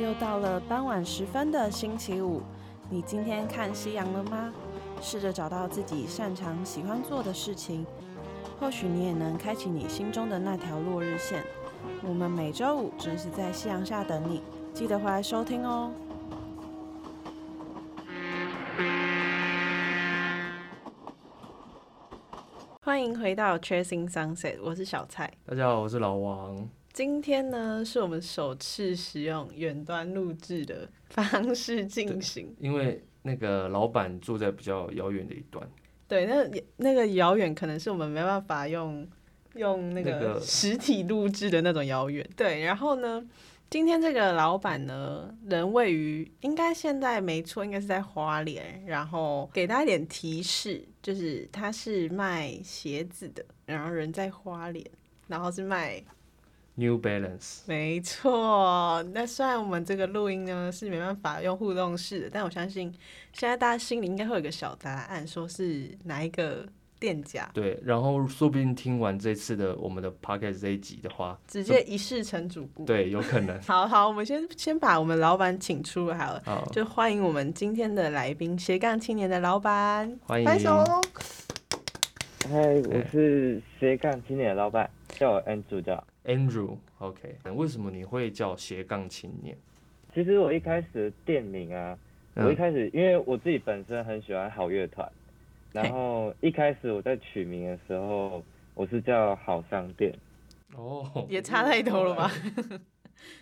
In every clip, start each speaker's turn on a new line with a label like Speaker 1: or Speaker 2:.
Speaker 1: 又到了傍晚時分的星期五，你今天看夕陽了嗎？試着找到自己擅長、喜歡做的事情，或許你也能開啟你心中的那條落日線。我們每周五準時在夕陽下等你，記得回來收聽哦、喔。歡迎回到 Chasing Sunset，我是小蔡。
Speaker 2: 大家好，我是老王。
Speaker 1: 今天呢，是我們首次使用遠端錄製的方式進行，
Speaker 2: 因為那個老板住在比較遙遠的一端。
Speaker 1: 對，那那個遙遠可能是我們沒辦法用用那個實體錄製的那種遙遠。那個 對，然後呢，今天這個老板呢，人位於應該現在沒錯，應該是在花蓮。然後給他一點提示，就是他是賣鞋子的，然後人在花蓮，然後是賣。New Balance，沒錯。那雖然我們這個錄音呢，是沒辦法用互動式的，但我相信現在大家心裡應該會有一個小答案，說是哪一個店家。
Speaker 2: 對，然後說不定聽完這次的我們的 Podcast 這集的話，直接
Speaker 1: 一試成主播、嗯。對，有可能。 好好，我們先先把我們老闆請出來了，好，就歡迎我們今天的來賓——鞋槓青年的老闆，歡迎。
Speaker 3: 嗨，hey, 我是斜槓
Speaker 2: 青年的老闆，Hey. 叫我 Andrew，叫 Andrew，OK、okay. 為什麼你會叫鞋槓青
Speaker 3: 年？其實我一開始的店名啊，嗯、我一開始因為我自己本身很喜歡好樂團，Hey. 然後一開始我在取名的時候，我是叫好商店。哦
Speaker 2: ，oh, 也差太多了嗎？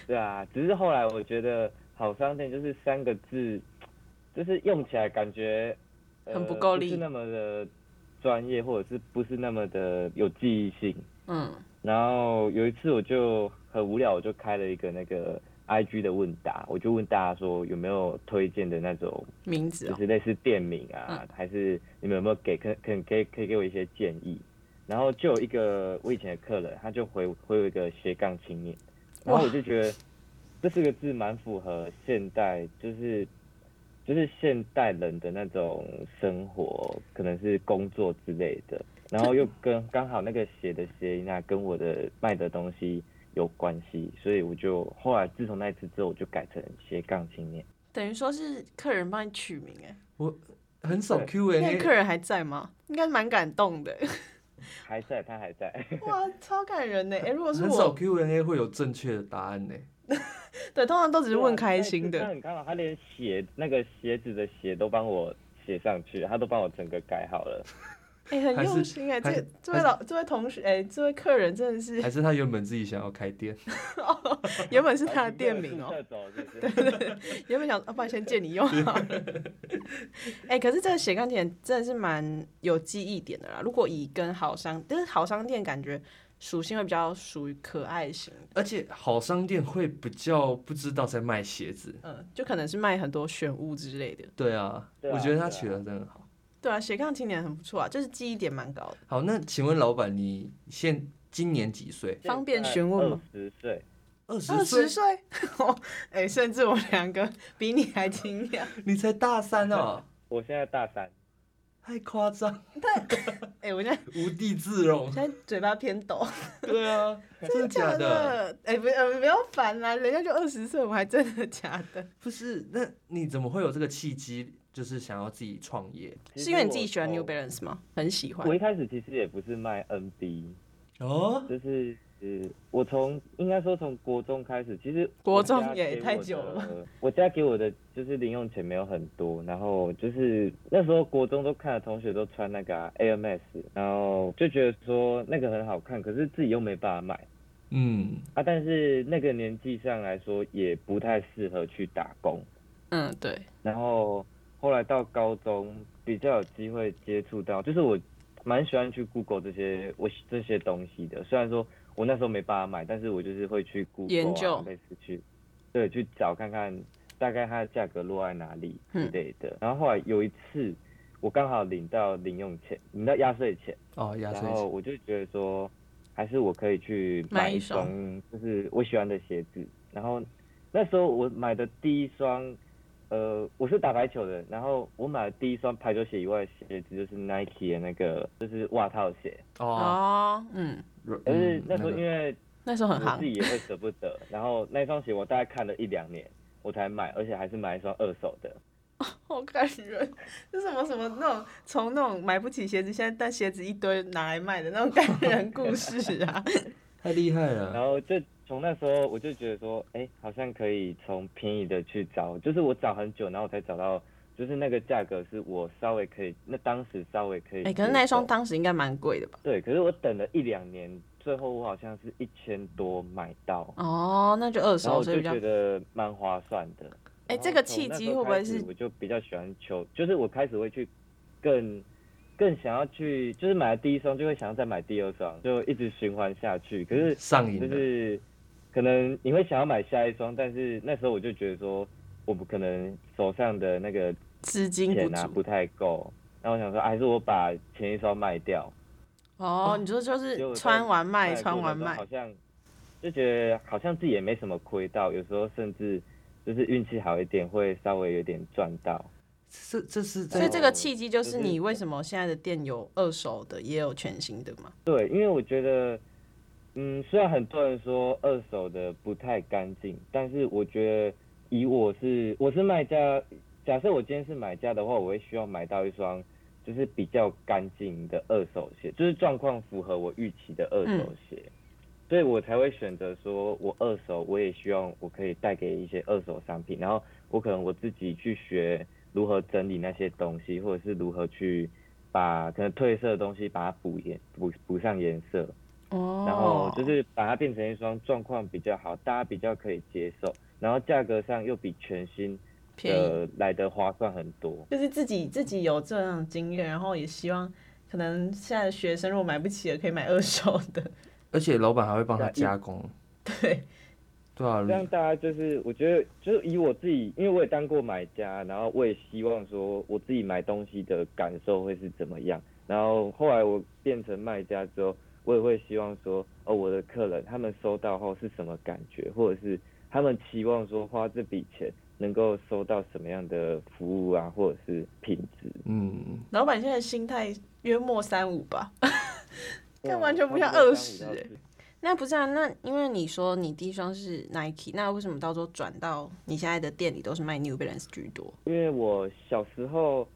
Speaker 3: 對啊，只是後來我覺得好商店就是三個字，就是用起來感覺、呃、
Speaker 1: 很不夠力，是那
Speaker 3: 麼的。專業或者是不是那麼的有記憶性？嗯，然後有一次我就很無聊，我就開了一個那個 I G 的問答，我就問大家說，有沒有推薦的那種名字，就是類似店名啊，名字哦嗯、還是你們有沒有給可可以可以可以給我一些建議？然後就有一個我以前的客人，他就回回我一個斜槓青年，然後我就覺得這四個字蠻符合現代，就是。就是現代人的那種生活，可能是工作之類的，然後又跟剛好那個鞋的鞋那跟我的賣的東西有關係，所以我就後來自從那次之後，我就改成鞋槓青年，
Speaker 1: 等於說是客人幫你取名哎、欸，
Speaker 3: 我很少 Q&A，客人
Speaker 1: 還在嗎？應該蠻感動的、欸，還在，他還在，哇，超感人呢、欸！哎、 欸，如果很少
Speaker 2: Q&A 會有正確的答案呢、欸。
Speaker 1: 對，通常都只是問開心的。啊、他很看到他連
Speaker 3: 鞋那個鞋子的鞋都幫我寫上去，他都幫我整個改好了。
Speaker 1: 哎、欸，很用心哎、欸，這是這位老、是這位同學哎、欸，這位客人真的是。還是
Speaker 2: 他原本自己想要開店。
Speaker 1: 哦、原本是他的店名哦、喔。就是、 對，對，對，原本想、哦，不然先借你用好。哎是、 欸，可是這個鞋槓店真的是蠻有記憶點的啦。如果以跟好商，就是好商店感覺。屬性會比較屬於可愛型，而且
Speaker 2: 好商店會比較不知道在賣鞋子，
Speaker 1: 嗯，就可能是賣很多選物之類的。
Speaker 2: 對啊，我覺得他取的真的好。對啊，
Speaker 1: 對，啊對啊，鞋槓青年很不錯啊，就是記憶點蠻高的。
Speaker 2: 好，那請問老闆，你現今年幾歲？方便詢問嗎？二十歲，
Speaker 1: 二十歲，二十歲。哦，哎，甚至我兩個比你還輕。 你才大三哦、啊，
Speaker 2: 我現在大
Speaker 3: 三。
Speaker 1: 太誇張！太，哎，
Speaker 3: 我現在無地自容。
Speaker 1: 現在嘴巴偏抖。對啊， 真的假的？哎、 欸，不，呃，不要煩啦，人家就二十歲，我還真的假的？
Speaker 2: 不是，那你怎麼會有這個契機？就是想要自己創
Speaker 3: 業，是因為你自己喜歡 New
Speaker 1: Balance 嗎？很喜歡。我一
Speaker 3: 開始其實也不是賣 NB 哦、嗯，就是。是我從應該說從國中開始，其實國中也太久了。我家給我的就是零用錢沒有很多，然後就是那時候國中都看了同學都穿那個 A M S，然後就覺得說那個很好看，可是自己又沒辦法買。嗯啊，但是那個年紀上來說也不太適合去打工。
Speaker 1: 嗯，對。
Speaker 3: 然後後來到高中比較有機會接觸到，就是我蠻喜歡去 Google 這些我這些東西的，雖然說。我那時候沒辦法買，但是我就是會去谷歌、啊、研究類似去，對去找看看大概它的價格落在哪裡之類的。嗯、然後後來有一次，我剛好領到零用錢，領到壓歲錢哦，
Speaker 2: 壓歲錢，然後我
Speaker 3: 就覺得說，還是我可以去買一雙，就是我喜歡的鞋子。然後那時候我買的第一雙。呃，我是打排球的，然後我買了第一雙排球鞋以外的鞋子就是 Nike 的那個，就是襪套鞋。哦，嗯。可
Speaker 1: 是那時候因為、嗯那個、那時候很好，自己也會捨
Speaker 3: 不得。然後那雙鞋我大概看了一兩年，我才買，而且還是買一雙二手的。哦、
Speaker 1: 好感人，是什麼什麼那種從那種買不起鞋子，現在帶鞋子一堆拿來賣的那種感人故事啊！
Speaker 3: 太厲害了。然後這。從那時候我就覺得說，哎、欸，好像可以從便宜的去找，就是我找很久，然後我才找到，就是那個價格是我稍微可以，那當時稍微可以。哎、欸，可是那雙
Speaker 1: 當時應該蠻貴的
Speaker 3: 吧？對，可是我等了一兩年，最後我好像是一千多買到。
Speaker 1: 哦，那就二手，所以比較覺得
Speaker 3: 蠻划算的。
Speaker 1: 哎，這個契機會不會是？我
Speaker 3: 就比較喜歡求，就是我開始會去更更想要去，就是買了第一雙就會想要再買第二雙，就一直循環下去。可是、就是、上癮。可能你會想要買下一雙，但是那時候我就覺得說，我不可能手上的那個
Speaker 1: 資、啊、金不足，不
Speaker 3: 太夠，那我想說、啊，還是我把前一雙賣掉。
Speaker 1: 哦，你說就是穿完賣，穿完賣，好像
Speaker 3: 就覺得好像自己也沒什麼虧到，有時候甚至就是運氣好一點，會稍微有點賺到
Speaker 1: 是。是，這是唉所以這個契機就是你為什麼現在的店有二手的，就是、也有全新的嘛？
Speaker 3: 對，因為我覺得。嗯，雖然很多人說二手的不太乾淨，但是我覺得以我是我是賣家，假設我今天是買家的話，我會需要買到一雙就是比較乾淨的二手鞋，就是狀況符合我預期的二手鞋，嗯，所以我才會選擇說我二手，我也希望我可以帶給一些二手商品，然後我可能我自己去學如何整理那些東西，或者是如何去把可能褪色的東西把它補顏補補上顏色。然後就是把它變成一雙狀況比較好，大家比較可以接受，然後價格上又比全新的便宜，呃，來的划算很多。
Speaker 1: 就是自己自己有這樣的經驗，然後也希望可能現在學生如果買不起了，可以買二手的。
Speaker 2: 而且老闆還會幫他加工。嗯嗯、對，對啊。讓
Speaker 1: 大家就是，我
Speaker 3: 覺得就是以我自己，因為我也當過買家，然後我也希望說我自己買東西的感受會是怎麼樣。然後後來我變成賣家之後。我也會希望說，哦，我的客人他們收到後是什麼感覺，或者是他們期望說花這筆錢能夠收到什麼樣的服務啊，或者是品質。
Speaker 1: 嗯，老板現在心態約莫三五吧，
Speaker 2: 這哇 完全
Speaker 1: 不像二十。不欸、那不是啊，那因為你說你第一雙是 Nike，那為什麼到時候轉到你現在的店裡都是賣 New Balance 居多？
Speaker 3: 因為我小時候，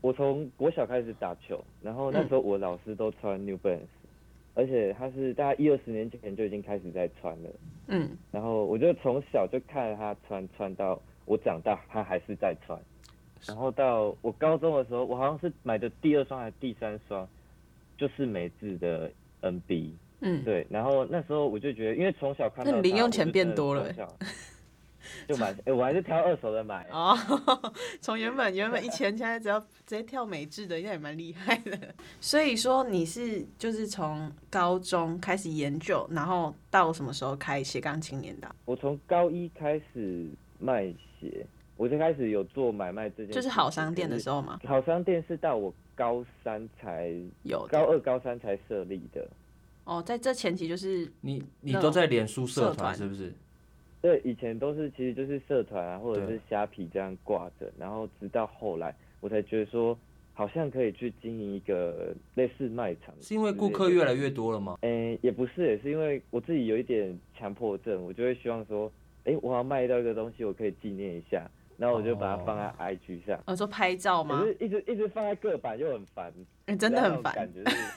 Speaker 3: 我從國小開始打球，然後那時候我老師都穿 New Balance、嗯。而且他是大概一二十年前就已經開始在穿了，嗯，然後我就從小就看着他穿，穿到我長大他還是在穿，然後到我高中的時候，我好像是買的第二雙還是第三雙，就是美製的 N B，嗯，對，然後那時候我就覺得，因為從小看到他，那你零用錢變多了、欸。
Speaker 1: 就買，哎、欸，我還是挑二手的買。哦，從原本原本一千，現在只要直接跳美製的，應該也蠻厲害的。所以說你是就是從高中開始研究，然後到什麼時候開鞋槓青年的？
Speaker 3: 我從高一開始賣鞋，我就開始有做買賣這件。就是好商店的時候嗎？好商店是到我高三才有，高二對高三才設立的。
Speaker 1: 哦，在這前提就是你你都在臉書社團是不是？
Speaker 3: 以前都是其實就是社團啊，或者是蝦皮這樣掛着，然後直到後來我才覺得說，好像可以去經營一個類似賣場。是因為顧客越來越多了嗎？欸、也不是、欸，也是因為我自己有一點強迫症，我就會希望說，誒、欸，我要賣到一個東西，我可以紀念一下，然後我就把它放在 IG 上。我、哦哦、說
Speaker 1: 拍照嗎？是一直一直放在個版就很煩，真的很煩，感
Speaker 3: 覺是，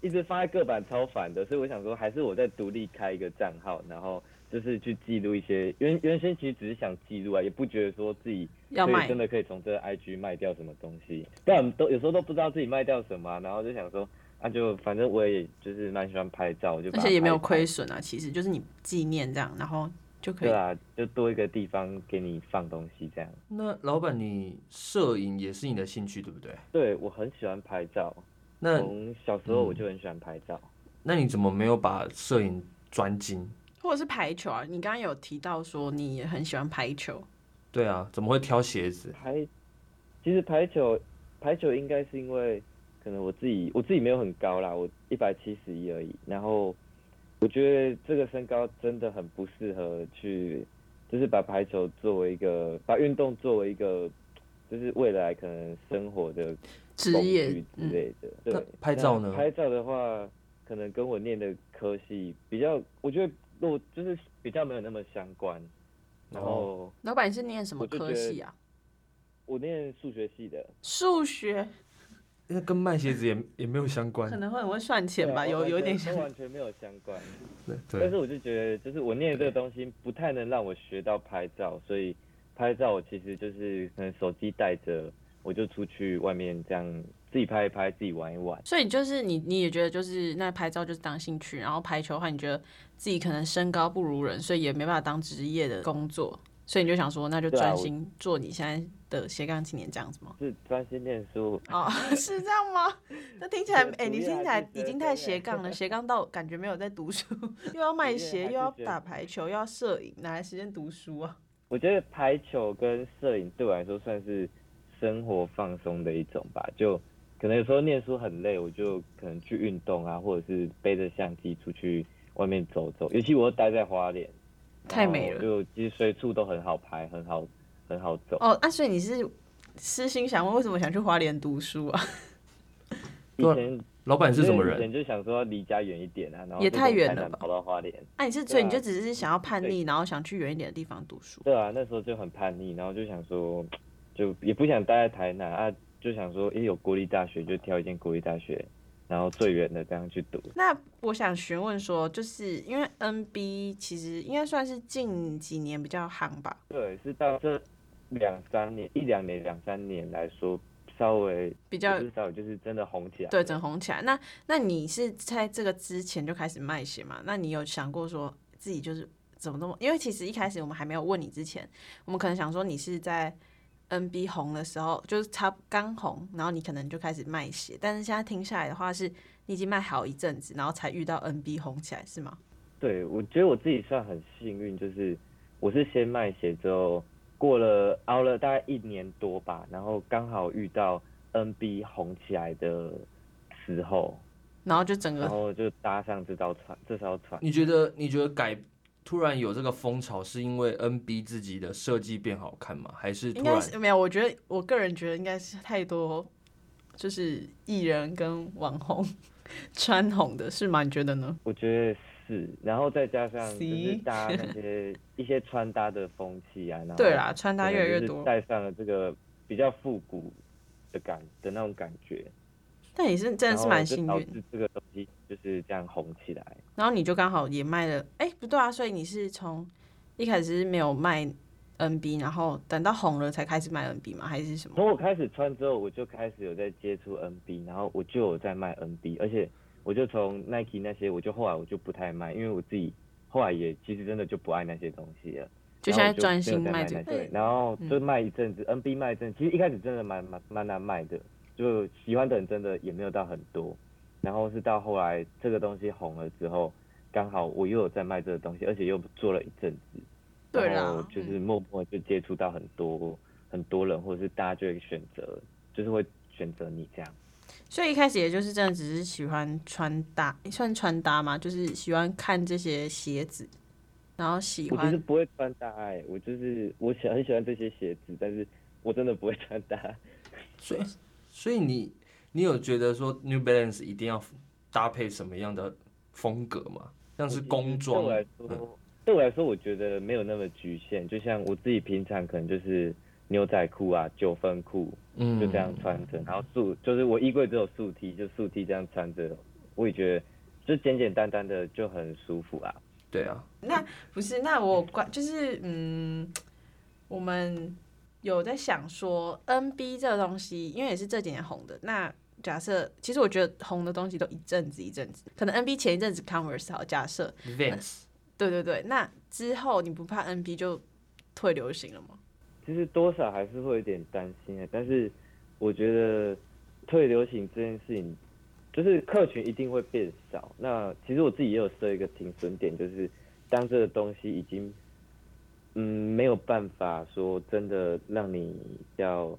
Speaker 3: 一直放在個版、嗯、版超煩的， 所以我想說，還是我在獨立開一個賬號，然後。就是去記錄一些，原原先其實只是想記錄啊，也不覺得說自己要買真的可以從這個 I G 賣掉什麼東西，賣但都有時候都不知道自己賣掉什麼、啊，然後就想說啊，就反正我也就是蠻喜歡拍照，就拍拍而且也沒有虧
Speaker 1: 損啊，其實就是你紀念這樣，然後就可以對啊，
Speaker 3: 就多一個地
Speaker 2: 方給你放東西這樣。那老板，你攝影也是你的興趣對不對？
Speaker 3: 對我很喜歡拍照，
Speaker 2: 那從
Speaker 3: 小時候我就很喜歡拍照，嗯、
Speaker 2: 那你怎麼沒有把攝影專精？
Speaker 1: 或者是排球啊，你剛剛有提到說你也很喜歡排球，
Speaker 2: 對啊，怎麼會挑鞋子？
Speaker 1: 排，
Speaker 3: 其實排
Speaker 1: 球，排
Speaker 3: 球應該是因為可能我自己，我自己沒有很高啦，我一百七十一而已。然後我覺得這個身高真的很不適合去，就是把排球作為一個，把運動作為一個，就是未來可能生活的
Speaker 1: 職業之類
Speaker 3: 的。嗯、對，那拍照呢？拍照的話，可能跟我念的科系比較，我覺得。我就是比較沒有那麼相關，然後我就
Speaker 1: 我、哦，老板你是念什麼科系啊？
Speaker 3: 我念數學系的
Speaker 1: 數學，
Speaker 2: 那跟賣鞋子也也沒有相關，可
Speaker 1: 能會很會算錢吧，有有點相關？完全沒
Speaker 3: 有相關， 對，對但是我就覺得，就是我念這個東西不太能讓我學到拍照，對所以拍照我其實就是可能手機帶着，我就出去外面這樣自己拍一拍，自己玩一玩。
Speaker 1: 所以你就是你你也覺得就是那拍照就是當興趣，然後排球的話你覺得？自己可能身高不如人，所以也沒辦法當職業的工作，所以你就想說，那就專心做你現在的鞋槓青年這樣子嗎？啊、是
Speaker 3: 專心念書
Speaker 1: 啊、哦？是這樣嗎？那 聽起來，哎、 欸，你聽起來已經太斜槓了，斜槓 到感覺沒有在讀書，又要賣鞋，又要打排球，又要攝影，哪來時間讀書啊？
Speaker 3: 我覺得排球跟攝影對我來說算是生活放鬆的一種吧，就可能有時候念書很累，我就可能去運動啊，或者是背着相機出去。外面走走，尤其我待在花蓮，
Speaker 1: 太美了，
Speaker 3: 就其實隨處都很好拍，很好，很好走。哦，
Speaker 1: 啊，所以你是私心想問，為什麼想去花蓮讀書啊？
Speaker 3: 以前 老闆是什麼人？以前就想說要離家遠一點啊，然後也太遠了吧，跑到花蓮。你是所以、啊、你就只
Speaker 1: 是想要叛逆，對然後想去遠一點的地方讀書。對
Speaker 3: 啊，那時候就很叛逆，然後就想說，就也不想待在台南啊，就想說，哎，有國立大學就挑一間國立大學。然後最遠的這樣去讀。
Speaker 1: 那我想詢問說，就是因為 NB 其實應該算是近幾年比較夯吧？
Speaker 3: 對，是到這兩三年，一兩年、兩三年來說，稍微比較至少就，就是真的紅起來。對，真
Speaker 1: 紅起來。那那你是在這個之前就開始賣鞋嗎？那你有想過說自己就是怎麼這麼，因為其實一開始我們還沒有問你之前，我們可能想說你是在。N B 紅的時候，就是它剛紅，然後你可能就開始賣鞋，但是現在聽下來的話，是你已經賣好一陣子，然後才遇到 N B 紅起來，是嗎？
Speaker 3: 對，我覺得我自己算很幸運，就是我是先賣鞋之後過了熬了大概一年多吧，然後剛好遇到 N B 紅起來的時候，然後就整個，然後就搭上這條船。這條船，你覺
Speaker 2: 得？你覺得改？突然有這個風潮，是因為 NB 自己的設計變好看嗎？還是突然？應該是，
Speaker 1: 沒有，我覺得我個人覺得應該是太多，就是藝人跟網紅穿紅的是嗎？你覺得呢？我覺得是，然後再加上就是搭那些一些穿搭的風氣
Speaker 3: 啊， 然後對啦，穿搭越來越多，帶上了這個比較復古的感的那種感覺。
Speaker 1: 但也是真的是蠻幸運，就
Speaker 3: 這個東西就是這樣紅起來，
Speaker 1: 然後你就剛好也賣了，哎、欸，不對啊，所以你是從一開始是沒有賣 N B，然後等到紅了才開始賣 N B 嗎？還是什麼？
Speaker 3: 從我開始穿之後，我就開始有在接觸 N B，然後我就有在賣 N B，而且我就從 Nike 那些，我就後來我就不太賣，因為我自己後來也其實真的就不愛那些東西了，就現在專心就在賣 N B，對然後就賣一陣子、嗯、N B，賣一陣，其實一開始真的蠻蠻蠻難賣的。就喜歡的人真的也沒有到很多，然後是到後來這個東西紅了之後，剛好我又有在賣這個東西，而且又做了一陣子，
Speaker 1: 對啦，然後就
Speaker 3: 是默默就接觸到很多、嗯、很多人，或者是大家就會選擇，就是會選擇你這樣。
Speaker 1: 所以一開始也就是這樣，只是喜歡穿搭，算穿搭嘛，就是喜歡看這些鞋子，然後喜歡。我覺得
Speaker 3: 不會穿搭、欸，我就是我喜很喜歡這些鞋子，但是我真的不會穿搭。所以。所以
Speaker 2: 你，你有覺得說 New Balance 一定要搭配什麼樣的風格嗎？像是工裝來說，對我
Speaker 3: 來說，嗯、我來說我覺得沒有那麼局限。就像我自己平常可能就是牛仔褲啊、九分褲，嗯，就這樣穿着，嗯、然後素就是我衣櫃只有素 T，就素 T 這樣穿着，我也覺得就簡簡單單的就很舒服啊。對啊，
Speaker 1: 那不是，那我管，就是嗯，我們。有在想說，N B 這個東西，因為也是這幾年紅的。那假設，其實我覺得紅的東西都一陣子一陣子，可能 N B 前一陣子 Converse 好，假設 Vans 對對對，那之後你不怕 N B 就退流行了嗎？
Speaker 3: 其實多少還是會有點擔心的、欸，但是我覺得退流行這件事情，就是客群一定會變少。那其實我自己也有設一個停損點，就是當這個東西已經。嗯，沒有辦法說真的讓你要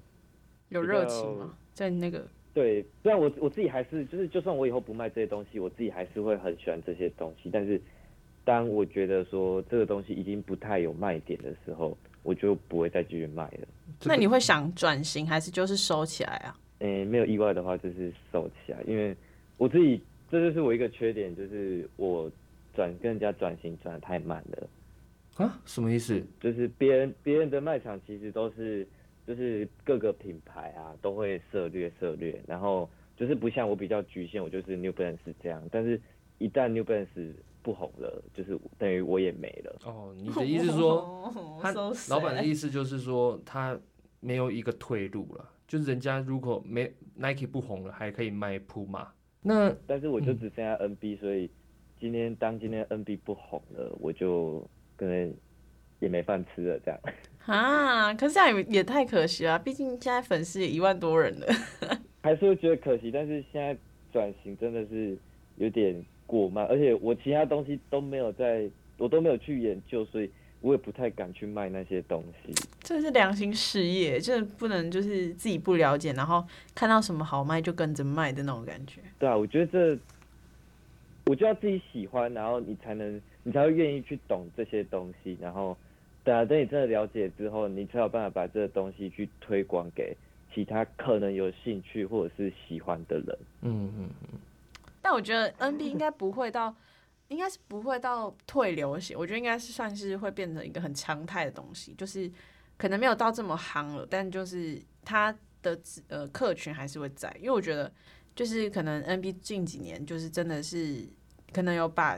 Speaker 3: 有熱情嗎？
Speaker 1: 道在那個
Speaker 3: 對，雖然我我自己還是就是，就算我以後不賣這些東西，我自己還是會很喜歡這些東西。但是當我覺得說這個東西已經不太有賣點的時候，我就不會再繼續賣了。
Speaker 1: 那你會想轉型，還是就是收起來啊？嗯
Speaker 3: 沒有意外的話就是收起來，因為我自己這就是我一個缺點，就是我轉跟人家轉型轉得太慢了。
Speaker 2: 啊，什麼意思？
Speaker 3: 就是別人別人的賣場其實都是，就是各個品牌啊都會涉略涉略，然後就是不像我比較局限，我就是 New Balance 這樣，但是一旦 New Balance 不紅了，就是等於我也沒了。哦，oh, 你的意思說，oh, so 他老
Speaker 2: 板的意思就是說他沒有一個退路了，就是人家如果沒 Nike 不紅了，還可以賣 Puma。
Speaker 3: 那但是我就只剩下 NB，、嗯、所以今天當今天 NB 不紅了，我就。可能也沒飯吃了，這樣
Speaker 1: 啊？可是這樣也也太可惜了，畢竟現在粉絲也一萬多人了，
Speaker 3: 還是會覺得可惜。但是現在轉型真的是有點過慢，而且我其他東西都沒有在，我都沒有去研究，所以我也不太敢去賣那些東西。
Speaker 1: 這是良心事業，就是不能就是自己不了解，然後看到什麼好賣就跟着賣的那種感覺。
Speaker 3: 對啊，我覺得這，我就要自己喜歡，然後你才能。你才會願意去懂這些東西，然後，對啊，等你真的了解之後，你才有辦法把這個東西去推廣給其他可能有興趣或者是喜歡的人。嗯嗯嗯。
Speaker 1: 但我覺得 N B 應該不會到， 應該是不會到退流行，我覺得應該是算是會變成一個很常態的東西，就是可能沒有到這麼夯了，但就是他的呃客群還是會在，因為我覺得就是可能 N B 近幾年就是真的是可能有把。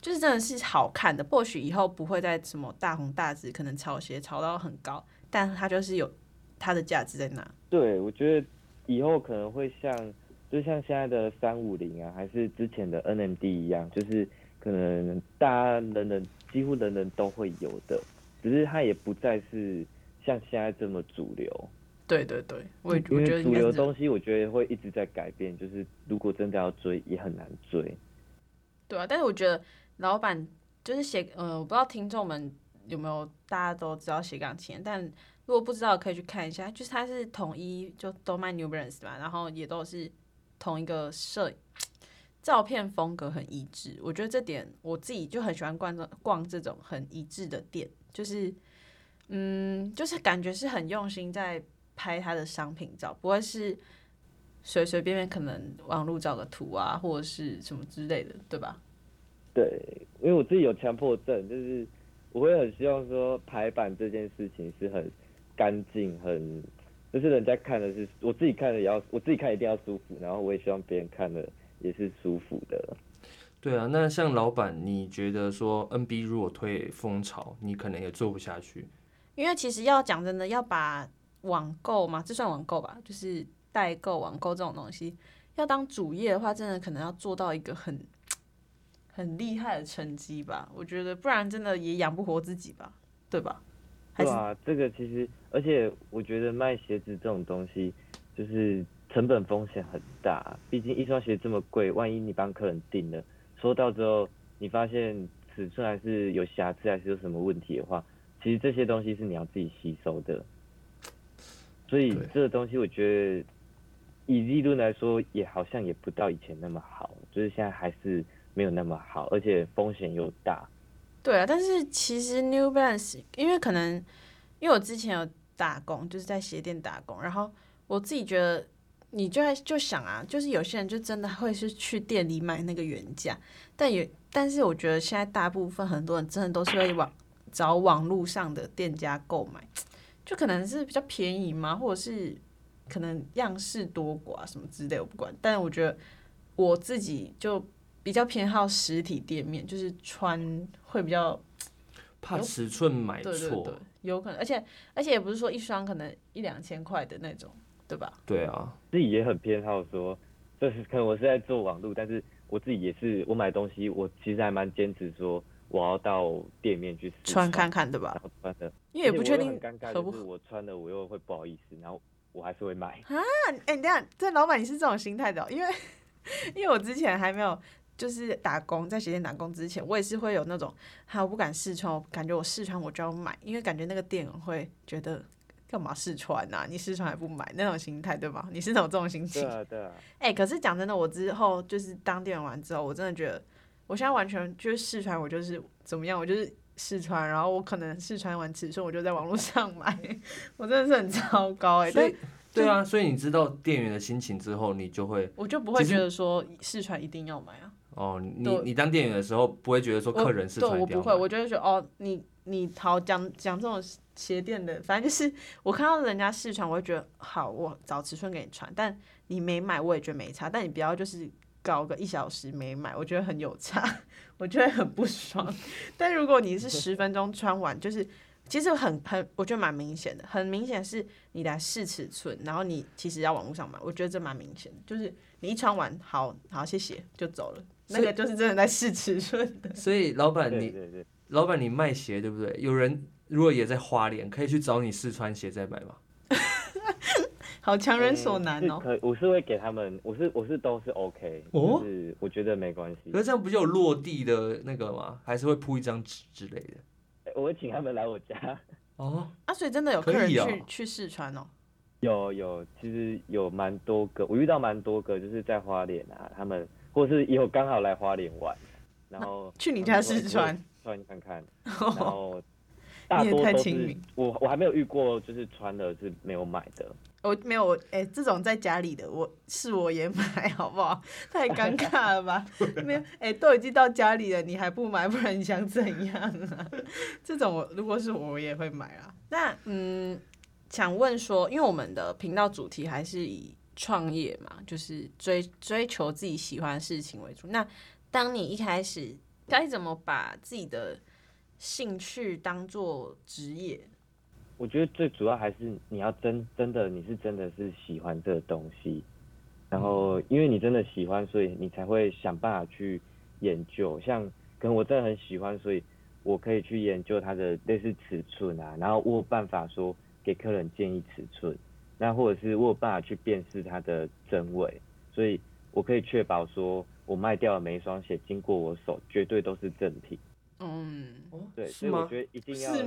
Speaker 1: 就是真的是好看的，或許以後不會再什麼大紅大紫，可能炒鞋炒到很高，但它就是有它的價值在哪？
Speaker 3: 對，我覺得以後可能會像，就像現在的三五零啊，還是之前的 NMD 一樣，就是可能大家人人幾乎人人都會有的，只是它也不再是像現在這麼主流。
Speaker 1: 對對對，我也覺得，因為主流
Speaker 3: 東西我覺得會一直在改變，就是如果真的要追也很難追。
Speaker 1: 對啊，但是我覺得。老闆就是寫，呃，我不知道聽眾們有沒有，大家都知道鞋槓青年，但如果不知道可以去看一下，就是他是統一就都賣 New Balance 嘛，然後也都是同一個攝影照片風格很一致，我覺得這點我自己就很喜歡逛這逛這種很一致的店，就是嗯，就是感覺是很用心在拍他的商品照，不會是隨隨便便可能網路找個圖啊或者是什麼之類的，對吧？
Speaker 3: 對，因為我自己有強迫症，就是我會很希望說排版這件事情是很乾淨、很就是人家看的是我自己看的也要，我自己看一定要舒服，然後我也希望別人看的也是舒服的。對
Speaker 2: 啊，那像老闆，你覺得說 NB 如果推風潮，你可能也做不下去，
Speaker 1: 因為其實要講真的，要把網購嘛，這算網購吧，就是代購、網購這種東西，要當主業的話，真的可能要做到一個很。很厲害的成績吧，我覺得不然真的也養不活自己吧，對吧？對啊，
Speaker 3: 這個其實，而且我覺得賣鞋子這種東西，就是成本風險很大，畢竟一雙鞋這麼貴，萬一你幫客人訂了，收到之後你發現尺寸還是有瑕疵，還是有什麼問題的話，其實這些東西是你要自己吸收的。所以這個東西，我覺得以利潤來說，也好像也不到以前那麼好，就是現在還是。沒有那麼好，而且風險又大。
Speaker 1: 對啊，但是其實 New Balance，因為可能因為我之前有打工，就是在鞋店打工，然後我自己覺得，你就在就想啊，就是有些人就真的會是去店裡買那個原價，但也但是我覺得現在大部分很多人真的都是會網找網絡上的店家購買，就可能是比較便宜嘛，或者是可能樣式多寡什麼之類，我不管。但我覺得我自己就。比較偏好實體店面，就是穿會比較怕尺寸買錯。哦，有可能，而且而且也不是說一雙可能一兩千塊的那種，對吧？
Speaker 3: 對啊，自己也很偏好說，就是可能我是在做網路，但是我自己也是，我買東西我其實還蠻堅持說我要到店面去試穿，穿看看，對吧？
Speaker 1: 因為也不確定，可不，
Speaker 3: 我穿的我又會不好意思，不然後我還是會買
Speaker 1: 啊。哎、欸，你這樣，這老板你是這種心態的？喔，因為 因為我之前還沒有。就是打工，在鞋店打工之前，我也是會有那種，哈、啊，我不敢試穿，我感覺我試穿我就要買，因為感覺那個店員會覺得幹嘛試穿啊？你試穿也不買那種心態，對吧？你是那種這種心情？哎、啊啊欸，可是講真的，我之後就是當店員完之後，我真的覺得我現在完全就是試穿，我就是怎麼樣，我就是試穿，然後我可能試穿完尺寸，我就在網絡上買，我真的是很糟糕哎、欸。所以對對啊，所以
Speaker 2: 你知道店員的心情之後，你就會，我就不會覺得說
Speaker 1: 試穿一定要買啊。
Speaker 2: 哦，你對你當店員的時候不會覺得說客人試穿也得買？我不會，我
Speaker 1: 就會覺得哦，你你好講講這種鞋墊的，反正就是我看到人家試穿，我會覺得好，我找尺寸給你穿。但你沒買，我也覺得沒差。但你不要就是搞個一小時沒買，我覺得很有差，我覺得很不爽。但如果你是十分鐘穿完，就是。其實很很，我覺得蠻明顯的，很明顯是你來試尺寸，然後你其實要網路上買，我覺得這蠻明顯的，就是你一穿完，好好謝謝就走了，以那個就是真的在
Speaker 2: 試尺寸的。所以老闆你，對對對對老闆你賣鞋對不對？有人如果也在
Speaker 3: 花蓮，可以去找你試穿鞋再買嗎？
Speaker 1: 好強人所難哦、喔嗯。
Speaker 3: 我是會給他們，我是我是都是 OK，就是我覺得沒關係。哦、可是這樣不就有落
Speaker 2: 地的那個嗎？還是會鋪一張紙之類的。
Speaker 1: 我會請他們來我家哦，啊，所以真的有客人去，哦、去試穿哦，
Speaker 3: 有有，其實有蠻多個，我遇到蠻多個，就是在花蓮啊，他們或是以後剛好來花蓮玩，然後去你家試穿穿看看，然
Speaker 1: 後大多都是 你也太親民。
Speaker 3: 我我還沒有遇過，就是穿了是沒有買的。
Speaker 1: 我沒有，哎、欸，這種在家裡的我是我也買，好不好？太尷尬了吧？沒有，哎、欸，都已經到家裡了，你還不買，不然你想怎樣啊？ 這種我，如果是我，我也會買啊。那嗯，想問說，因為我們的頻道主題還是以創業嘛，就是追追求自己喜歡的事情為主。那當你一開始該怎麼把自己的興趣當做職業？
Speaker 3: 我覺得最主要還是你要真真的你是真的是喜歡這個東西，然後因為你真的喜歡，所以你才會想辦法去研究。像可能我真的很喜歡，所以我可以去研究它的類似尺寸啊，然後我有辦法說給客人建議尺寸，那或者是我有辦法去辨識它的真偽，所以我可以確保說我賣掉的每一雙鞋，經過我手，絕對都是正品。
Speaker 1: 嗯，對，是嗎，所以我覺得一定要對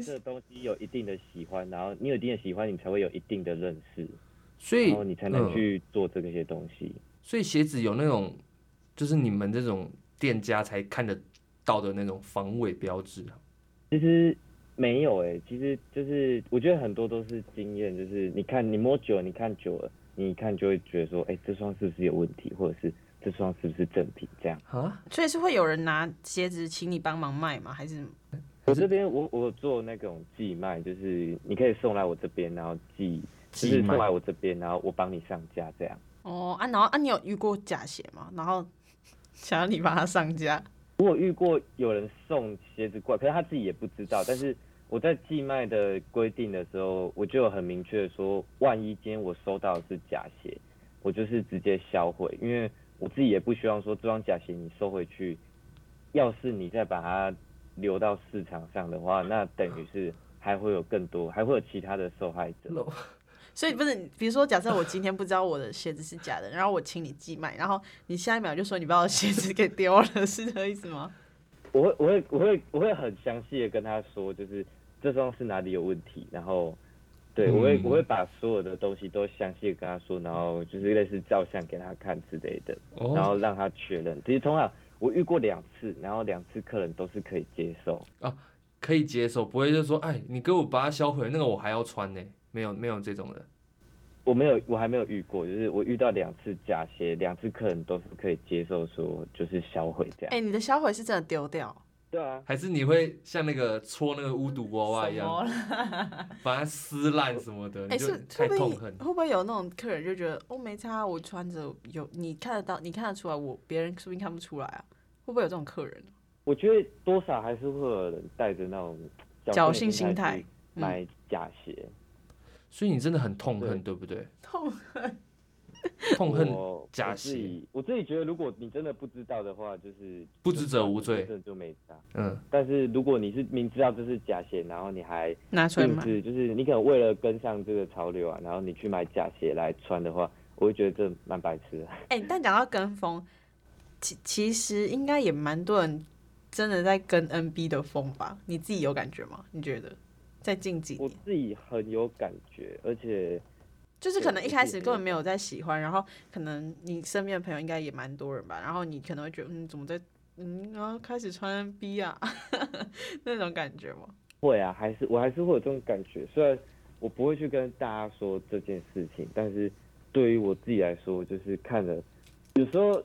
Speaker 1: 這個
Speaker 3: 東西有一定的喜歡，是然後你有一定的喜歡，你才會有一定的認識，所以你才能去做這些東西，嗯。
Speaker 2: 所以鞋子有那種，就是你們這種店
Speaker 3: 家才看得到的那種防偽標誌？其實沒有誒、欸，其實就是我覺得很多都是經驗，就是你看你摸久了，你看久了，你一看就會覺得說，哎、欸，這雙是不是有問題，或者是？這雙是不是正品？這樣啊，
Speaker 1: 蛤所以是會有人拿鞋子請你幫忙賣嗎？還是我這邊，我我做那種
Speaker 3: 寄賣，就是你可以送來我這邊，然後寄寄過賣來我這邊，然後我幫你上架這樣。
Speaker 1: 哦啊，然後啊，你有遇過假鞋嗎？然後想要你把它上
Speaker 3: 架？我遇過有人送鞋子過來，可是他自己也不知道。但是我在寄賣的規定的時候，我就有很明確的說，萬一今天我收到的是假鞋，我就是直接銷毀，因為。我自己也不希望說這雙假鞋你收回去，要是你再把它留到市場上的話，那等於是還會有更多，還會有其他的受害者。No.
Speaker 1: 所以不是，比如說假設我今天不知道我的鞋子是假的，然後我請你寄賣，然後你下一秒就說你把我的鞋子給丟了，是這個意思嗎？我,我會我會
Speaker 3: 我會我會很詳細的跟他說，就是這雙是哪裡有問題，然後。對，我會我會把所有的東西都詳細的跟他說，然後就是類似照相給他看之類的，Oh. 然後讓他確認。其實通常我遇過兩次，然後兩次客人都是可以接受
Speaker 2: 啊，可以接受，不會就是說，哎，你給我把它銷毀，那個我還要穿呢，沒有沒有這種的，
Speaker 3: 我沒有，我還沒有遇過，就是我遇到兩次假鞋，兩次客人都是可以接受，說就是銷毀這樣。
Speaker 1: 哎、欸，你的銷毀是真的丟掉？
Speaker 2: 還是你會像那個搓那個巫毒娃娃一樣，把它撕爛什麼的？哎、欸，是會，會，
Speaker 1: 會不會有那種客人就覺得哦，沒差，我穿着有你看得到，你看得出來，我別人是不是看不出來啊？會不會有這種客人？
Speaker 3: 我覺得多少還是會有人帶着那種僥倖心態買假鞋，嗯、
Speaker 2: 所以你真的很痛恨，對，對
Speaker 3: 不對？
Speaker 1: 痛恨。
Speaker 3: 痛恨假鞋。我、我，我自己覺得，如果你真的不知道的話，就是不知者無罪，這就沒差，嗯，但是如果你是明知道這是假鞋，然後你還拿穿，就是你可能為了跟上這個潮流啊，然後你去買假鞋來穿的話，我會覺得這蠻白痴
Speaker 1: 的。哎、欸，但講到跟風，其、其實應該也蠻多人真的在跟 NB 的風吧？你自己有感覺嗎？你覺得
Speaker 3: 在近幾年我自己很有感覺，而且。就是可能一開始根本
Speaker 1: 沒有在喜歡，對然後可能你身邊的朋友應該也蠻多人吧，然後你可能會覺得，嗯，怎麼在，嗯，然後開始穿 N B 啊， 那種感覺嗎？
Speaker 3: 會啊，還是我還是會有這種感覺，雖然我不會去跟大家說這件事情，但是對於我自己來說，就是看了，有時候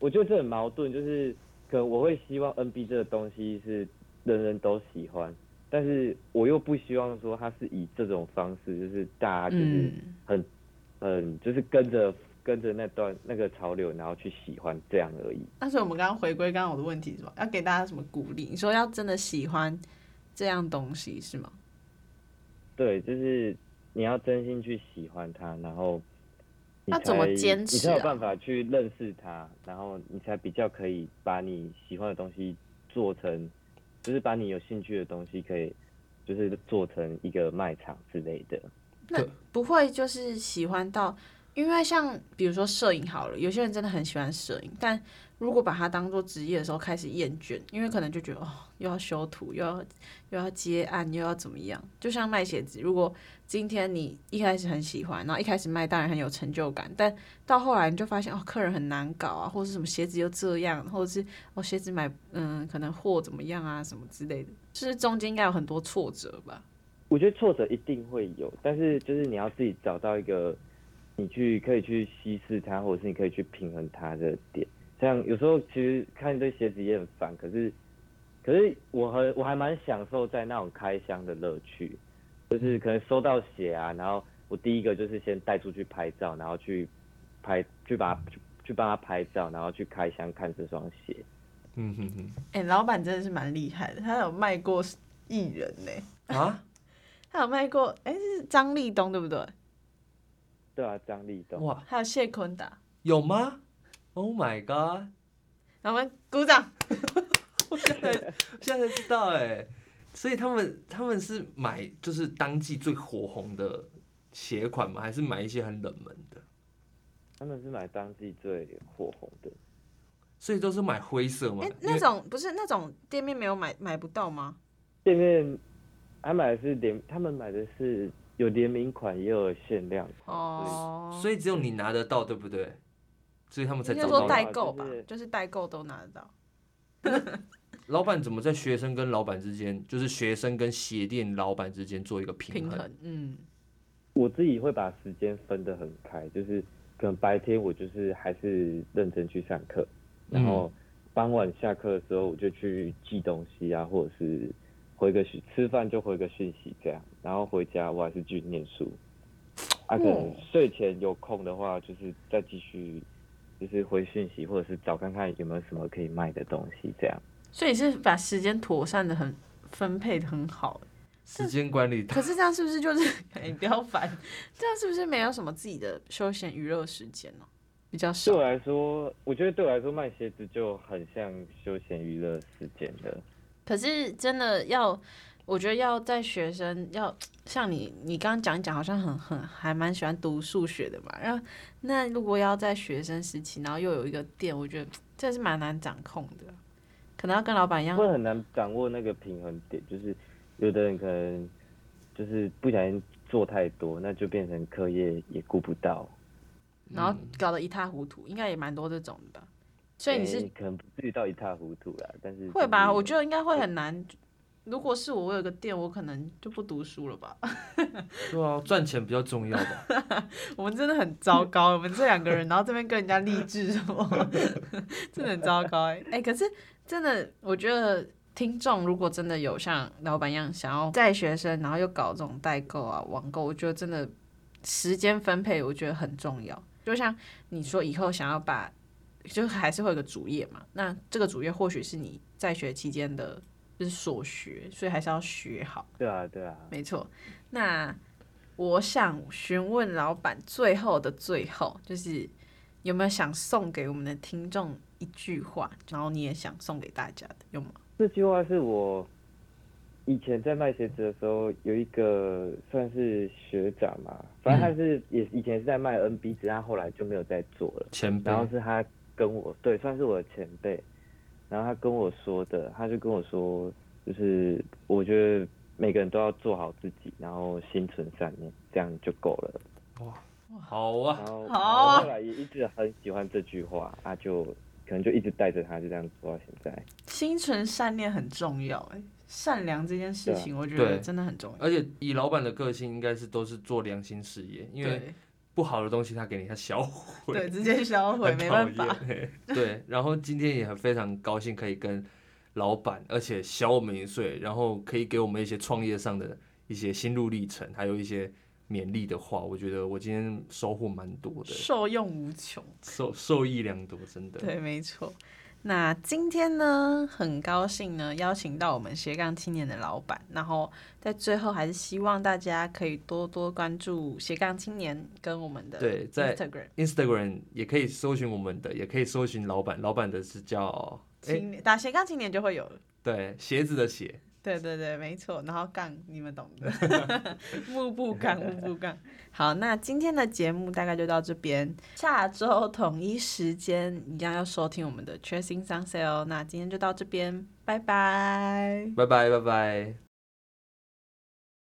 Speaker 3: 我就是這很矛盾，就是可能我會希望 N B 這個東西是人人都喜歡。但是我又不希望說他是以這種方式，就是大家就是很很，嗯嗯、就是跟着跟着那段那個潮流，然後去喜歡這樣而已。
Speaker 1: 但是我們剛剛回歸剛剛我的問題，什麼要給大家什麼鼓勵？你說要真的喜歡這樣東西是嗎？
Speaker 3: 對，就是你要真心去喜歡它，然後你
Speaker 1: 才怎麼堅持，啊、你才有辦
Speaker 3: 法去認識它，然後你才比較可以把你喜歡的東西做成，就是把你有興趣的東西可以，就是做成一個賣場之類的。
Speaker 1: 那不會就是喜歡到，因為像比如說攝影好了，有些人真的很喜歡攝影，但。如果把它當做職業的時候開始厭倦，因為可能就覺得哦，又要修圖，又要又要接案，又要怎麼樣？就像賣鞋子，如果今天你一開始很喜歡，然後一開始賣當然很有成就感，但到後來你就發現哦，客人很難搞啊，或是什麼鞋子又這樣，或者是我、哦、鞋子買嗯，可能貨怎麼樣啊，什麼之類的，就是中間應該有很多挫折吧？
Speaker 3: 我覺得挫折一定會有，但是就是你要自己找到一個你去可以去稀釋它，或者是你可以去平衡它的點。像有時候其實看一堆鞋子也很煩，可是，可是我還我還蠻享受在那種開箱的樂趣，就是可能收到鞋啊，然後我第一個就是先帶出去拍照，然後去拍去把它去幫他拍照，然後去開箱看這雙鞋。嗯哼
Speaker 1: 哼，哎、欸，老板真的是蠻厲害的，他有賣過藝人呢、欸。
Speaker 3: 啊？
Speaker 1: 他有賣過？哎、欸，是張立東對不對？
Speaker 3: 對啊，張立東。
Speaker 2: 哇，
Speaker 1: 還有謝坤達？
Speaker 2: 有嗎？Oh my god！
Speaker 1: 他們鼓掌。
Speaker 2: 我現在現在才知道，哎、欸，所以他們他們是買就是當季最火紅的鞋款嗎？還是買一些很冷門的？他們是買當季最火紅的，所以都是買灰色嗎？哎、
Speaker 1: 欸，那種因為不是那種店面沒有買買不到嗎？
Speaker 3: 店面，還買的是聯，他們買的是有聯名款，也有限量
Speaker 1: 款哦，
Speaker 3: 所以只有你
Speaker 2: 拿得到，嗯、對不對？
Speaker 3: 所以他們才找得到。應該說
Speaker 1: 代購吧，就是代購都拿得到。
Speaker 2: 老板怎麼在學生跟老板之間，就是學生跟鞋店老板
Speaker 3: 之間做一個平衡？平衡嗯，我自己會把時間分得很開，就是可能白天我就是還是認真去上課，然後傍晚下課的時候我就去寄東西啊，或者是回個訊，吃飯就回個訊息這樣，然後回家我還是繼續念書。啊，可能睡前有空的話，就是再繼續。就是回訊息，或者是找看看有沒有什麼可以賣的東西，這樣。
Speaker 1: 所以是把時間妥善的很分配的很好，
Speaker 3: 時間管理。但，可
Speaker 1: 是這樣是不是就是你、欸、不要煩？ 這樣是不是沒有什麼自己的休閒娛樂時間呢、喔？
Speaker 3: 比較少。對我來說，我覺得對我來說賣鞋子就很像休閒娛樂時間的。
Speaker 1: 可是真的要。我覺得要在學生要像你，你剛剛講一講，好像很很還蠻喜歡讀數學的嘛。然後那如果要在學生時期，然後又有一個店，我覺得這是蠻難掌控的，
Speaker 3: 可能要跟老闆一樣會很難掌握那個平衡點。就是有的人可能就是不小心做太多，那就變成課業也顧不到，嗯、然後
Speaker 1: 搞得一塌糊塗，應該也蠻多這種的。所以你是
Speaker 3: 可能不至於到一塌糊塗啦，但是會吧？
Speaker 1: 我覺得應該會很難。如果是我，我有個店，我可能就不讀書了吧。
Speaker 2: 對啊，賺錢比較重要吧。
Speaker 1: 我們真的很糟糕， 我們這兩個人，然後這邊跟人家勵志什麼， 真的很糟糕哎、 欸。可是真的，我覺得聽眾如果真的有像老闆一樣想要在學生，然後又搞這種代購啊、網購，我覺得真的時間分配我覺得很重要。就像你說，以後想要把，就還是會有個主業嘛。那這個主業或許是你在學期間的。是所學，所以還是要學好。對
Speaker 3: 啊,對啊，對啊，
Speaker 1: 沒錯。那我想詢問老板，最後的最後，就是有沒有想送給我們的聽眾一句話，然後你也想送給大家
Speaker 3: 的，有嗎？這句話是我以前在賣鞋子的時候，有一個算是學長嘛，反正他是也以前是在賣 NB 鞋，他、嗯、後來就沒有再做了。前輩，然後是他跟我對，算是我的前輩。然後他跟我說的，他就跟我說，就是我覺得每個人都要做好自己，然後心存善念，這樣就夠了。
Speaker 2: 哇，好啊，好。
Speaker 1: 好啊，後來
Speaker 3: 也一直很喜歡這句話，啊、他就可能就一直帶着他，就這樣做到現在。
Speaker 1: 心存善念很重要、欸，哎，善良這件事情，我覺得真的很重要。啊、而
Speaker 2: 且以老闆的個性，應該是都是做良心事業，因為。不好的東西他給你他銷毀，對，直接銷毀沒辦法。對，然後今天也很非常高興可以跟老闆， 而且小我們一歲，然後可以給我們一些創業上的一些心路歷程，還有一些勉勵的話，我覺得我今天收穫蠻多的，
Speaker 1: 受用無窮，
Speaker 2: 受受益良多，真的。對，沒
Speaker 1: 錯。那今天呢，很高興呢，邀請到我們鞋槓青年的老闆。然後在最後，還是希望大家可以多多關注鞋槓青年跟我們的對，在
Speaker 2: Instagram，Instagram 也可以搜尋我們的，也可以搜尋老闆，老闆的是叫青年
Speaker 1: 打鞋槓青年就會有了，
Speaker 2: 對鞋子的鞋。
Speaker 1: 對對對，沒錯，然後槓，你們懂的，幕布 槓，幕布槓。 好，那今天的節目大概就到這邊，下周同一時間一定要收聽我們的《Tracing Sunset》哦。那今天就到這邊，拜拜，
Speaker 2: 拜拜，拜拜。